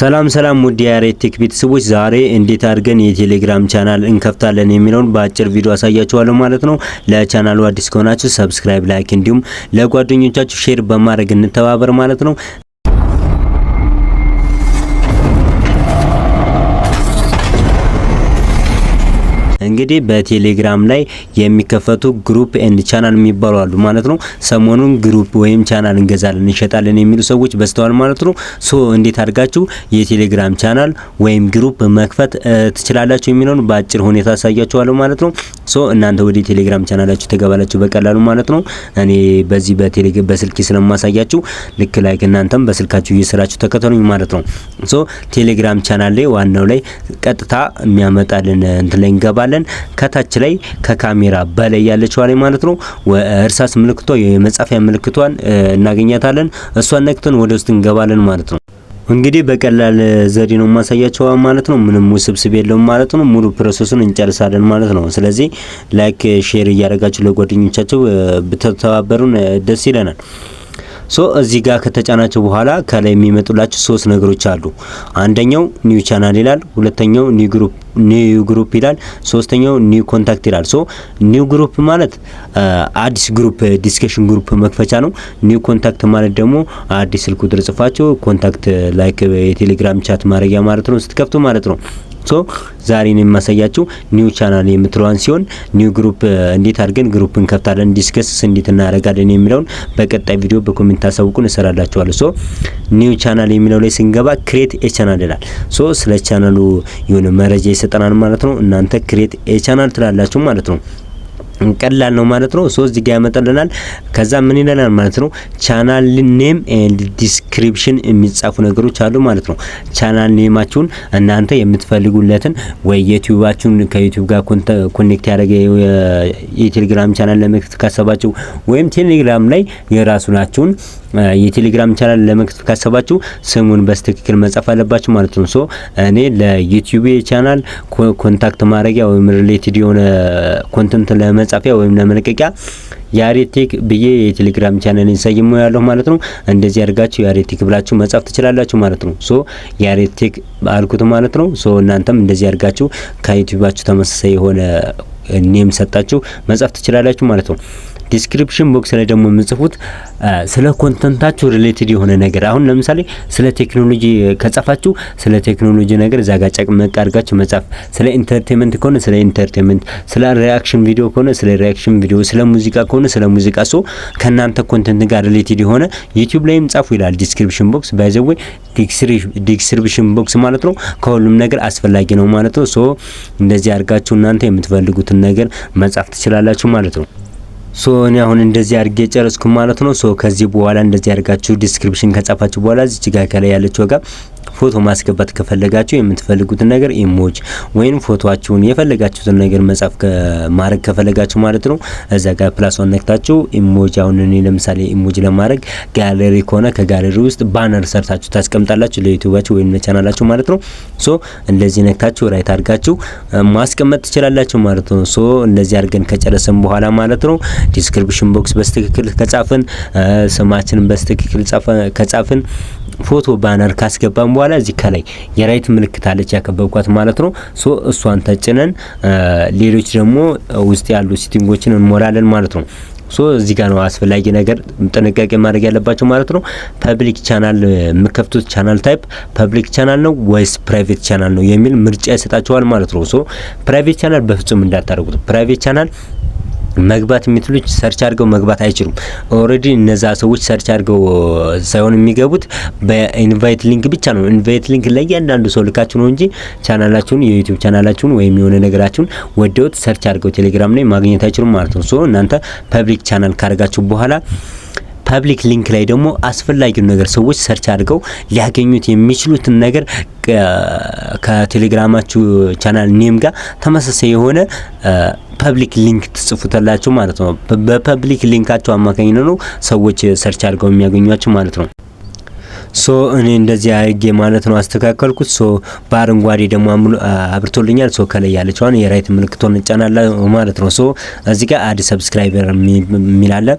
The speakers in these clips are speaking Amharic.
ሰላም ሰላም ውድ የያሬት ቤተሰቦች፣ ዛሬ እንዴት አድርገን የቴሌግራም ቻናል እንከፍታለን የሚለውን በአጭር ቪዲዮ አሳያችኋለሁ ማለት ነው። ለቻናሉ አዲስ ከሆናችሁ ሰብስክራይብ፣ ላይክ እንዲሁም ለጓደኞቻችሁ ሼር በማድረግ እንተባበር ማለት ነው። እንግዲህ በቴሌግራም ላይ የሚከፈቱ ግሩፕ ኤንድ ቻናል የሚባሉ አሉ ማለት ነው። ሰሞኑን ግሩፕ ወይም ቻናል እንገዛለን እንሸጣለን የሚሉ ሰዎች በስተዋል ማለት ነው። ሶ እንዴት አድርጋችሁ የቴሌግራም ቻናል ወይም ግሩፕ መክፈት ትችላላችሁ የሚለውን በአጭር ሁኔታ አሳያችኋለሁ ማለት ነው። ሶ እናንተ ወደ ቴሌግራም ቻናላችሁ ትገባላችሁ በቀላሉ ማለት ነው። እኔ በዚህ በቴሌግራም በስልኬ ስለማሳያችሁ ልክ ላይክ እናንተም በስልካችሁ እየሰራችሁ ተከተሉኝ ማለት ነው። ሶ ቴሌግራም ቻናል ላይ ዋናው ላይ ቀጥታ የሚያመጣልን እንትን ላይ እንገባለን። ብለን ከታች ላይ ከካሜራ በላይ ያለችዋ ላይ ማለት ነው እርሳስ ምልክቷ የመጻፊያ ምልክቷን እናገኛታለን። እሷን ነክተን ወደ ውስጥ እንገባለን ማለት ነው። እንግዲህ በቀላል ዘዴ ነው ማሳያቸው ማለት ነው። ምንም ውስብስብ የለውም ማለት ነው። ሙሉ ፕሮሰሱን እንጨርሳለን ማለት ነው። ስለዚህ ላይክ ሼር እያደረጋችሁ ለጓደኞቻችሁ ብትተባበሩን ደስ ይለናል። ሶ እዚህ ጋር ከተጫናቸው በኋላ ከላይ የሚመጡላችሁ ሶስት ነገሮች አሉ። አንደኛው ኒው ቻናል ይላል፣ ሁለተኛው ኒው ግሩፕ ኒው ግሩፕ ይላል፣ ሶስተኛው ኒው ኮንታክት ይላል። ሶ ኒው ግሩፕ ማለት አዲስ ግሩፕ ዲስከሽን ግሩፕ መክፈቻ ነው። ኒው ኮንታክት ማለት ደግሞ አዲስ ስልክ ቁጥር ጽፋችሁ ኮንታክት ላይክ የቴሌግራም ቻት ማድረጊያ ማለት ነው ስትከፍቱ ማለት ነው። ሶ ዛሬ ነው የማሳያችሁ ኒው ቻናል የምትለዋን ሲሆን ኒው ግሩፕ እንዴት አድርገን ግሩፕ እንከፍታለን፣ ዲስከስስ እንዴት እናደርጋለን የሚለውን በቀጣይ ቪዲዮ በኮሜንት ታሳውቁን እሰራላችኋለሁ። ሶ ኒው ቻናል የሚለው ላይ ስንገባ ክሬት ኤ ቻናል ይላል። ሶ ስለ ቻናሉ የሆነ መረጃ ይሰጠናል ማለት ነው። እናንተ ክሬት ኤ ቻናል ትላላችሁ ማለት ነው። ቀላል ነው ማለት ነው። ሶስት ዚጋ ያመጣልናል። ከዛ ምን ይለናል ማለት ነው ቻናል ኔም ኤንድ ዲስክሪፕሽን የሚጻፉ ነገሮች አሉ ማለት ነው። ቻናል ኔማችሁን እናንተ የምትፈልጉለትን ወይ ዩቲዩባችሁን ከዩቲዩብ ጋር ኮኔክት ያደረገ የቴሌግራም ቻናል ለመክፈት ካሰባችሁ ወይም ቴሌግራም ላይ የራሱናችሁን የቴሌግራም ቻናል ለመክፈት ካሰባችሁ ስሙን በስትክክል መጻፍ አለባችሁ ማለት ነው። ሶ እኔ ለዩቲዩብ ቻናል ኮንታክት ማድረጊያ ወይም ሪሌትድ የሆነ ኮንተንት ለመጻፊያ ወይም ለመለቀቂያ የአሬቴክ ብዬ የቴሌግራም ቻናል ሰይሞ ያለሁ ማለት ነው። እንደዚህ አድርጋችሁ የአሬቴክ ብላችሁ መጻፍ ትችላላችሁ ማለት ነው። ሶ የአሬቴክ አልኩት ማለት ነው። ሶ እናንተም እንደዚህ አድርጋችሁ ከዩቲዩባችሁ ተመሳሳይ የሆነ ኔም ሰጣችሁ መጻፍ ትችላላችሁ ማለት ነው። ዲስክሪፕሽን ቦክስ ላይ ደግሞ የምጽፉት ስለ ኮንተንታችሁ ሪሌትድ የሆነ ነገር አሁን ለምሳሌ ስለ ቴክኖሎጂ ከጻፋችሁ ስለ ቴክኖሎጂ ነገር እዛ ጋር ጨቅመቅ አድርጋችሁ መጻፍ፣ ስለ ኢንተርቴንመንት ከሆነ ስለ ኢንተርቴንመንት፣ ስለ ሪያክሽን ቪዲዮ ከሆነ ስለ ሪያክሽን ቪዲዮ፣ ስለ ሙዚቃ ከሆነ ስለ ሙዚቃ። ሶ ከእናንተ ኮንተንት ጋር ሪሌትድ የሆነ ዩቲዩብ ላይም ጻፉ ይላል ዲስክሪፕሽን ቦክስ። ባይ ዘ ዌይ ዲስክሪፕሽን ቦክስ ማለት ነው ከሁሉም ነገር አስፈላጊ ነው ማለት ነው። ሶ እንደዚህ አድርጋችሁ እናንተ የምትፈልጉትን ነገር መጻፍ ትችላላችሁ ማለት ነው። ሶ እኔ አሁን እንደዚህ አድርጌ ጨረስኩ ማለት ነው። ሶ ከዚህ በኋላ እንደዚህ አድርጋችሁ ዲስክሪፕሽን ከጻፋችሁ በኋላ እዚህ ጋር ከላይ ያለችው ጋር ፎቶ ማስገባት ከፈለጋችሁ የምትፈልጉትን ነገር ኢሞጅ ወይም ፎቶአችሁን የፈለጋችሁትን ነገር መጻፍ ማድረግ ከፈለጋችሁ ማለት ነው። እዛ ጋር ፕላስ ዋን ነክታችሁ ኢሞጅ። አሁን እኔ ለምሳሌ ኢሞጅ ለማድረግ ጋለሪ ከሆነ ከጋለሪ ውስጥ ባነር ሰርታችሁ ታስቀምጣላችሁ ለዩቲዩባችሁ ወይም ለቻናላችሁ ማለት ነው። ሶ እንደዚህ ነክታችሁ ራይት አድርጋችሁ ማስቀመጥ ትችላላችሁ ማለት ነው። ሶ እንደዚህ አድርገን ከጨረስን በኋላ ማለት ነው ዲስክሪፕሽን ቦክስ በስትክክል ከጻፍን ስማችንን በስትክክል ከጻፍን ፎቶ ባነር ካስገባ ከዛም በኋላ እዚህ ከላይ የራይት ምልክት አለች ያከበብኳት ማለት ነው። ሶ እሷን ተጭነን ሌሎች ደግሞ ውስጥ ያሉ ሲቲንጎችን እንሞላለን ማለት ነው። ሶ እዚህ ጋር ነው አስፈላጊ ነገር ጥንቃቄ ማድረግ ያለባቸው ማለት ነው። ፐብሊክ ቻናል የምከፍቱት ቻናል ታይፕ ፐብሊክ ቻናል ነው ወይስ ፕራይቬት ቻናል ነው የሚል ምርጫ ይሰጣቸዋል ማለት ነው። ሶ ፕራይቬት ቻናል በፍጹም እንዳታደርጉት ፕራይቬት ቻናል መግባት የሚትሉች ሰርች አድርገው መግባት አይችሉም። ኦልሬዲ እነዛ ሰዎች ሰርች አድርገው ሳይሆን የሚገቡት በኢንቫይት ሊንክ ብቻ ነው። ኢንቫይት ሊንክ ለእያንዳንዱ ሰው ልካችሁ ነው እንጂ ቻናላችሁን የዩቲዩብ ቻናላችሁን ወይም የሆነ ነገራችሁን ወደውት ሰርች አድርገው ቴሌግራም ላይ ማግኘት አይችሉም ማለት ነው። ሶ እናንተ ፐብሊክ ቻናል ካደረጋችሁ በኋላ ፐብሊክ ሊንክ ላይ ደግሞ አስፈላጊውን ነገር ሰዎች ሰርች አድርገው ሊያገኙት የሚችሉትን ነገር ከቴሌግራማችሁ ቻናል ኔም ጋር ተመሳሳይ የሆነ ፐብሊክ ሊንክ ትጽፉታላችሁ ማለት ነው። በፐብሊክ ሊንካቸው አማካኝነት ነው ሰዎች ሰርች አድርገው የሚያገኟችሁ ማለት ነው። ሶ እኔ እንደዚህ አድርጌ ማለት ነው አስተካከልኩት። ሶ በአረንጓዴ ደግሞ አብርቶልኛል። ሶ ከላይ ያለችዋን የራይት ምልክቶን እንጫናለን ማለት ነው። ሶ እዚህ ጋር አድ ሰብስክራይበር የሚላለን።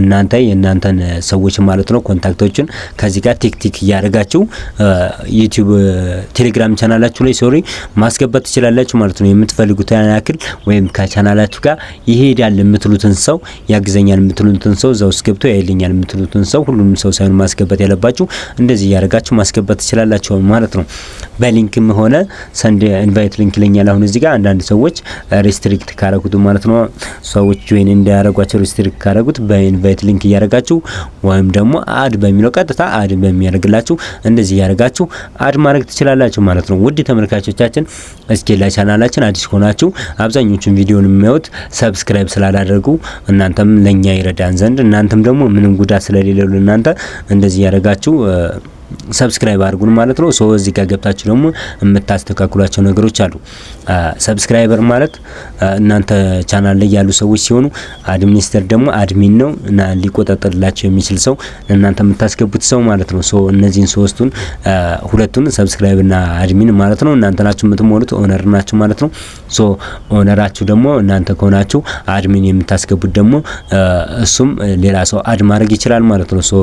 እናንተ የእናንተን ሰዎች ማለት ነው ኮንታክቶችን ከዚህ ጋር ቲክ ቲክ እያደረጋችሁ ዩቲዩብ ቴሌግራም ቻናላችሁ ላይ ሶሪ ማስገባት ትችላላችሁ ማለት ነው። የምትፈልጉት ያክል ወይም ከቻናላችሁ ጋር ይሄዳል የምትሉትን ሰው ያግዘኛል የምትሉትን ሰው እዛ ውስጥ ገብቶ ያይልኛል የምትሉትን ሰው ሁሉንም ሰው ሳይሆን ማስገባት ያለባችሁ እንደዚህ እያደረጋችሁ ማስገባት ትችላላችሁ ማለት ነው። በሊንክም ሆነ ሰንድ ኢንቫይት ሊንክ ይለኛል። አሁን እዚህ ጋር አንዳንድ ሰዎች ሪስትሪክት ካረጉት ማለት ነው ሰዎች ጆይን እንዳያረጓቸው ሪስትሪክት ካረጉት በኢን ኢንቫይት ሊንክ እያደረጋችሁ ወይም ደግሞ አድ በሚለው ቀጥታ አድ በሚያደርግላችሁ እንደዚህ እያደረጋችሁ አድ ማድረግ ትችላላችሁ ማለት ነው። ውድ ተመልካቾቻችን እስኪ ላይ ቻናላችን አዲስ ከሆናችሁ አብዛኞቹን ቪዲዮን የሚያዩት ሰብስክራይብ ስላላደረጉ እናንተም ለኛ ይረዳን ዘንድ እናንተም ደግሞ ምንም ጉዳት ስለሌለው እናንተ እንደዚህ እያደረጋችሁ ሰብስክራይብ አድርጉን ማለት ነው። ሶ እዚህ ጋር ገብታችሁ ደግሞ የምታስተካክሏቸው ነገሮች አሉ። ሰብስክራይበር ማለት እናንተ ቻናል ላይ ያሉ ሰዎች ሲሆኑ አድሚኒስትር ደግሞ አድሚን ነው እና ሊቆጣጠርላቸው የሚችል ሰው እናንተ የምታስገቡት ሰው ማለት ነው። ሶ እነዚህን ሶስቱን ሁለቱን ሰብስክራይብ እና አድሚን ማለት ነው እናንተ ናችሁ የምትሞሉት ኦነር ናችሁ ማለት ነው። ሶ ኦነራችሁ ደግሞ እናንተ ከሆናችሁ አድሚን የምታስገቡት ደግሞ እሱም ሌላ ሰው አድ ማድረግ ይችላል ማለት ነው። ሶ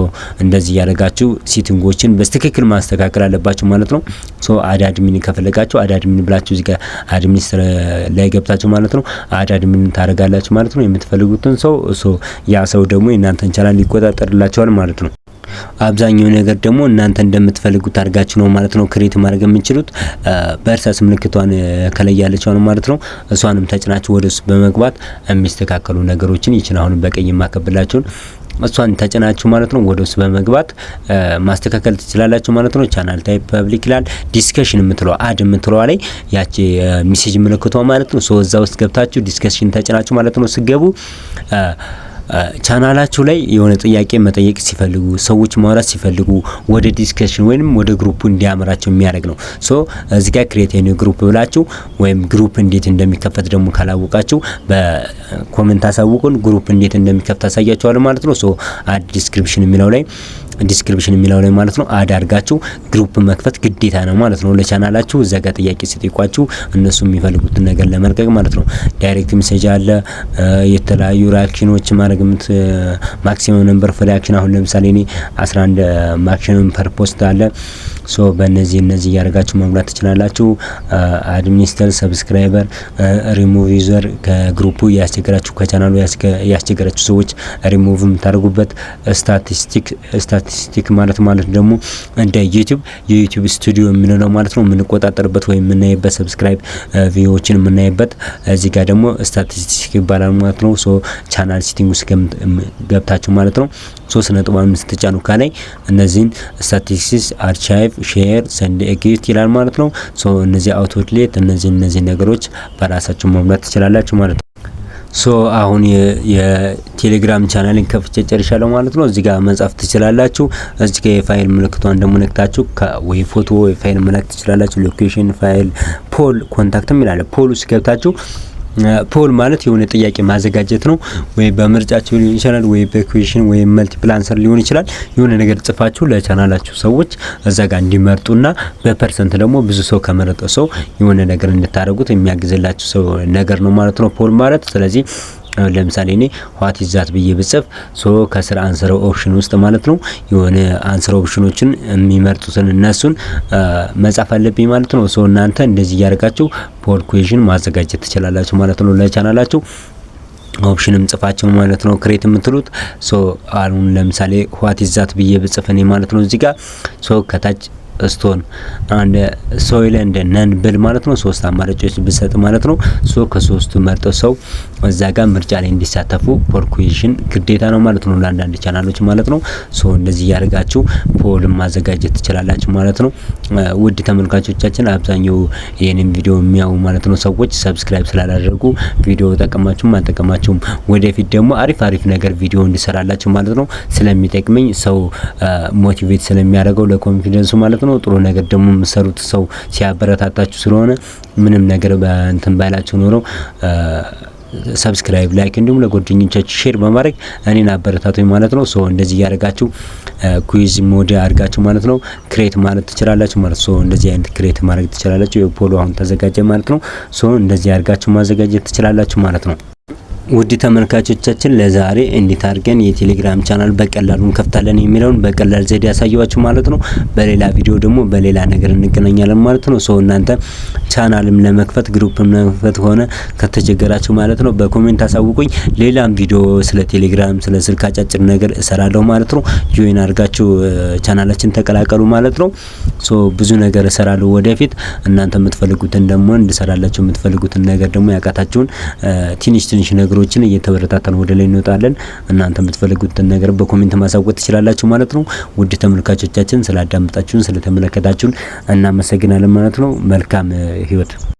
እንደዚህ ያደረጋችሁ ሴቲንጎችን በ በትክክል ማስተካከል አለባቸው ማለት ነው። ሶ አድ አድሚን ከፈለጋችሁ አድ አድሚን ብላችሁ እዚህ ጋር አድሚኒስትር ላይ ገብታችሁ ማለት ነው አድ አድሚን ታደርጋላችሁ ማለት ነው። የምትፈልጉትን ሰው ሶ ያ ሰው ደግሞ የእናንተን ቻናል ሊቆጣጠርላችኋል ማለት ነው። አብዛኛው ነገር ደግሞ እናንተ እንደምትፈልጉት አድርጋችሁ ነው ማለት ነው ክሬት ማድረግ የምንችሉት። በእርሳስ ምልክቷን ከላይ ነው ማለት ነው። እሷንም ተጭናችሁ ወደ ውስጥ በመግባት የሚስተካከሉ ነገሮችን ይችን አሁን በቀይ የማከብላችሁን እሷን ተጭናችሁ ማለት ነው ወደ ውስጥ በመግባት ማስተካከል ትችላላችሁ ማለት ነው። ቻናል ታይፕ ፐብሊክ ይላል። ዲስከሽን የምትለው አድ የምትለዋ ላይ ያቺ ሜሴጅ ምልክቷ ማለት ነው። እዛ ውስጥ ገብታችሁ ዲስከሽን ተጭናችሁ ማለት ነው ስገቡ ቻናላችሁ ላይ የሆነ ጥያቄ መጠየቅ ሲፈልጉ ሰዎች ማውራት ሲፈልጉ ወደ ዲስከሽን ወይም ወደ ግሩፕ እንዲያመራቸው የሚያደርግ ነው። ሶ እዚህ ጋር ክሬት ኒው ግሩፕ ብላችሁ ወይም ግሩፕ እንዴት እንደሚከፈት ደግሞ ካላወቃችሁ በኮመንት አሳውቁን። ግሩፕ እንዴት እንደሚከፍት አሳያችኋለሁ ማለት ነው። ሶ አድ ዲስክሪፕሽን የሚለው ላይ ዲስክሪፕሽን የሚለው ላይ ማለት ነው አድ አድርጋችሁ ግሩፕ መክፈት ግዴታ ነው ማለት ነው ለቻናላችሁ። እዛ ጋር ጥያቄ ሲጠይቋችሁ እነሱ የሚፈልጉትን ነገር ለመልቀቅ ማለት ነው። ዳይሬክት ሜሴጅ አለ፣ የተለያዩ ሪያክሽኖች ማድረግ ምት ማክሲመም ነምበር ኦፍ ሪያክሽን። አሁን ለምሳሌ እኔ 11 ማክሲመም ፐር ፖስት አለ። ሶ በእነዚህ እነዚህ እያደረጋችሁ መሙላት ትችላላችሁ። አድሚኒስተር፣ ሰብስክራይበር፣ ሪሙቭ ዩዘር ከግሩፑ ያስቸገራችሁ ከቻናሉ ያስቸገራችሁ ሰዎች ሪሙቭ የምታደርጉበት ስታቲስቲክ ስቲክ ማለት ማለት ደግሞ እንደ ዩቲዩብ የዩቲዩብ ስቱዲዮ የምንለው ማለት ነው የምንቆጣጠርበት ወይም የምናይበት ሰብስክራይብ ቪዲዮዎችን የምናይበት እዚህ ጋር ደግሞ ስታቲስቲክ ይባላል ማለት ነው። ሶ ቻናል ሴቲንግ ውስጥ ገብታችሁ ማለት ነው ሶስት ነጥቧን ስትጫኑ ከላይ እነዚህን ስታቲስቲክስ፣ አርቻይቭ፣ ሼር ሰንድ ኤግዚት ይላል ማለት ነው። ሶ እነዚህ አውቶሌት እነዚህ እነዚህ ነገሮች በራሳችሁ መምራት ትችላላችሁ ማለት ነው። ሶ አሁን የቴሌግራም ቻናልን ከፍቼ ጨርሻለሁ ማለት ነው። እዚህ ጋር መጻፍ ትችላላችሁ። እዚህ ጋር የፋይል ምልክቷን ደግሞ ነክታችሁ ወይ ፎቶ ወይ ፋይል መላክ ትችላላችሁ። ሎኬሽን ፋይል፣ ፖል፣ ኮንታክትም ይላል። ፖል ውስጥ ገብታችሁ ፖል ማለት የሆነ ጥያቄ ማዘጋጀት ነው። ወይ በምርጫችሁ ሊሆን ይችላል፣ ወይ በኩዌሽን ወይ መልቲፕል አንሰር ሊሆን ይችላል። የሆነ ነገር ጽፋችሁ ለቻናላችሁ ሰዎች እዛ ጋር እንዲመርጡና በፐርሰንት ደግሞ ብዙ ሰው ከመረጠ ሰው የሆነ ነገር እንድታደርጉት የሚያግዝላችሁ ሰው ነገር ነው ማለት ነው ፖል ማለት ስለዚህ አሁን ለምሳሌ እኔ ዋት ኢዝ ብዬ ብጽፍ ሶ ከስር አንሰር ኦፕሽን ውስጥ ማለት ነው የሆነ አንሰር ኦፕሽኖችን የሚመርጡትን እነሱን መጻፍ አለብኝ ማለት ነው። ሶ እናንተ እንደዚህ እያደረጋችሁ ፖል ኩዌሽን ማዘጋጀት ትችላላችሁ ማለት ነው ለቻናላችሁ ኦፕሽንም ጽፋችሁ ማለት ነው ክሬት የምትሉት ሶ አሁን ለምሳሌ ዋት ኢዝ ብዬ ብጽፍ እኔ ማለት ነው እዚህ ጋር ሶ ከታች ስቶን አንድ ሶይለንድ ነን ብል ማለት ነው። ሶስት አማራጮች ብሰጥ ማለት ነው። ሶ ከሶስቱ መርጠው ሰው እዛ ጋር ምርጫ ላይ እንዲሳተፉ ፖርኩሽን ግዴታ ነው ማለት ነው፣ ለአንዳንድ ቻናሎች ማለት ነው። ሶ እንደዚህ እያደርጋችሁ ፖልም ማዘጋጀት ትችላላችሁ ማለት ነው። ውድ ተመልካቾቻችን አብዛኛው ይህንን ቪዲዮ የሚያዩ ማለት ነው ሰዎች ሰብስክራይብ ስላላደረጉ ቪዲዮ ጠቀማችሁም አልጠቀማችሁም ወደፊት ደግሞ አሪፍ አሪፍ ነገር ቪዲዮ እንድሰራላችሁ ማለት ነው ስለሚጠቅመኝ ሰው ሞቲቬት ስለሚያደርገው ለኮንፊደንሱ ማለት ነው ጥሩ ነገር ደግሞ የምሰሩት ሰው ሲያበረታታችሁ ስለሆነ ምንም ነገር በእንትን ባይላችሁ ኖረው ሰብስክራይብ፣ ላይክ እንዲሁም ለጓደኞቻችሁ ሼር በማድረግ እኔን አበረታቱኝ ማለት ነው። ሶ እንደዚህ እያደረጋችሁ ኩዊዝ uh, ሞድ አድርጋችሁ ማለት ነው ክሬት ማለት ትችላላችሁ ማለት ሶ እንደዚህ አይነት ክሬት ማድረግ ትችላላችሁ። የፖሎ አሁን ተዘጋጀ ማለት ነው። ሶ እንደዚህ አድርጋችሁ ማዘጋጀት ትችላላችሁ ማለት ነው። ውድ ተመልካቾቻችን ለዛሬ እንዴት አድርገን የቴሌግራም ቻናል በቀላሉ እንከፍታለን የሚለውን በቀላል ዘዴ ያሳየዋችሁ ማለት ነው። በሌላ ቪዲዮ ደግሞ በሌላ ነገር እንገናኛለን ማለት ነው። ሰው እናንተ ቻናልም ለመክፈት ግሩፕም ለመክፈት ሆነ ከተቸገራችሁ ማለት ነው በኮሜንት አሳውቁኝ። ሌላም ቪዲዮ ስለ ቴሌግራም ስለ ስልክ አጫጭር ነገር እሰራለሁ ማለት ነው። ጆይን አድርጋችሁ ቻናላችን ተቀላቀሉ ማለት ነው። ሶ ብዙ ነገር እሰራለሁ ወደፊት እናንተ የምትፈልጉትን ደግሞ እንድሰራላችሁ የምትፈልጉትን ነገር ደግሞ ያቃታችሁን ትንሽ ትንሽ ነገር ነገሮችን እየተበረታታን ወደ ላይ እንወጣለን። እናንተ የምትፈልጉትን ነገር በኮሜንት ማሳወቅ ትችላላችሁ ማለት ነው። ውድ ተመልካቾቻችን ስላዳመጣችሁን ስለተመለከታችሁን እናመሰግናለን ማለት ነው። መልካም ህይወት